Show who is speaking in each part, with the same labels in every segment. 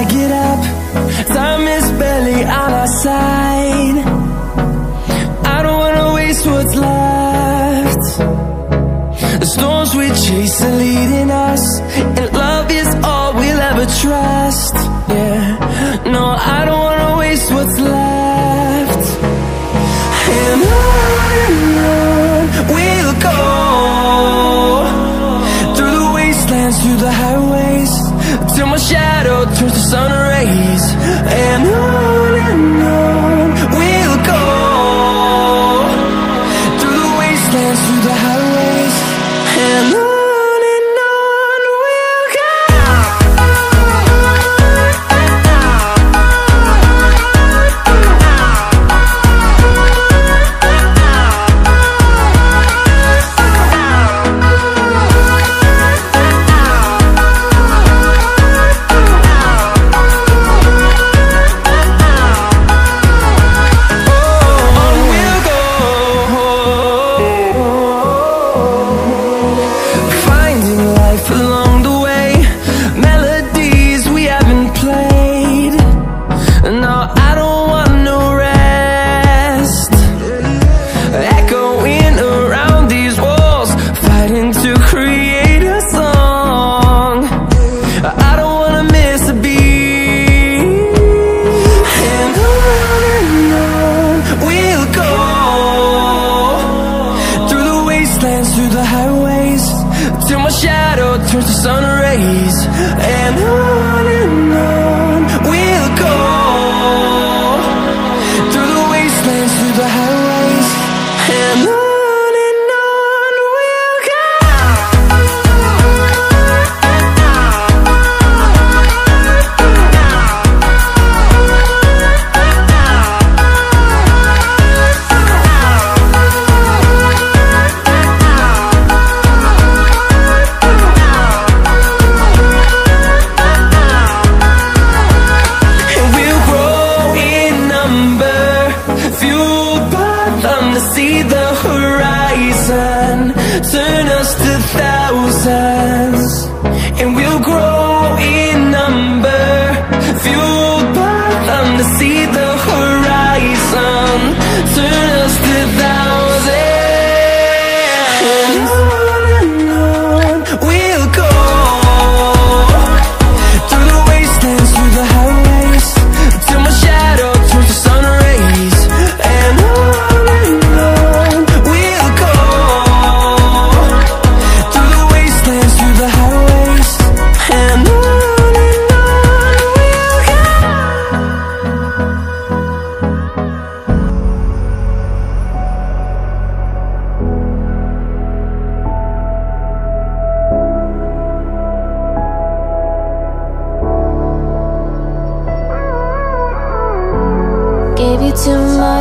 Speaker 1: I get up Time is barely on our side I don't wanna waste what's left The storms we chase are leading us And love is all we'll ever trust Yeah, no, I don't wanna waste what's left Hello till my shadow turns to sun rays and I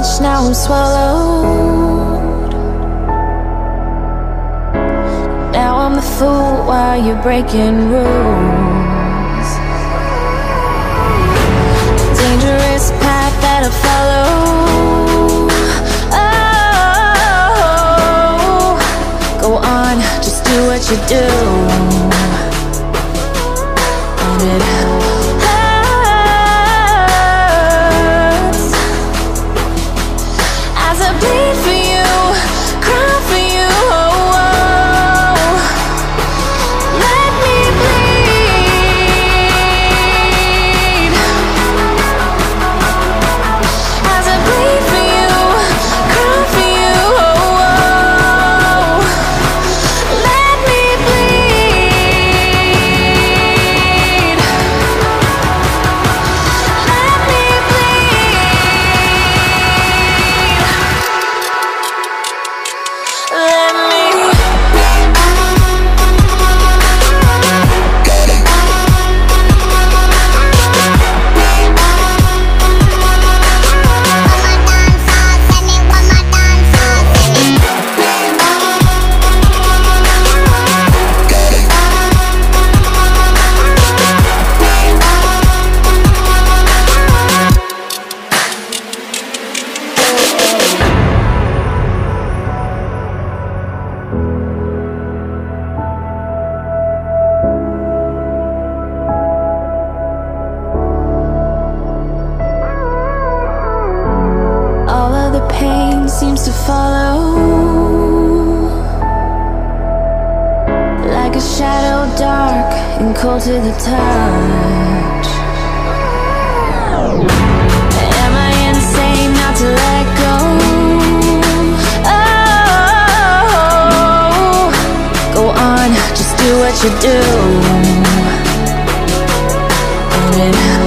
Speaker 2: much, now I'm swallowed
Speaker 1: Now I'm the fool while you're breaking rules Dangerous path that I follow Oh, go on, just do what you do dark and cold to the touch Am I insane not to let go? Oh, go on, just do what you do
Speaker 2: Own it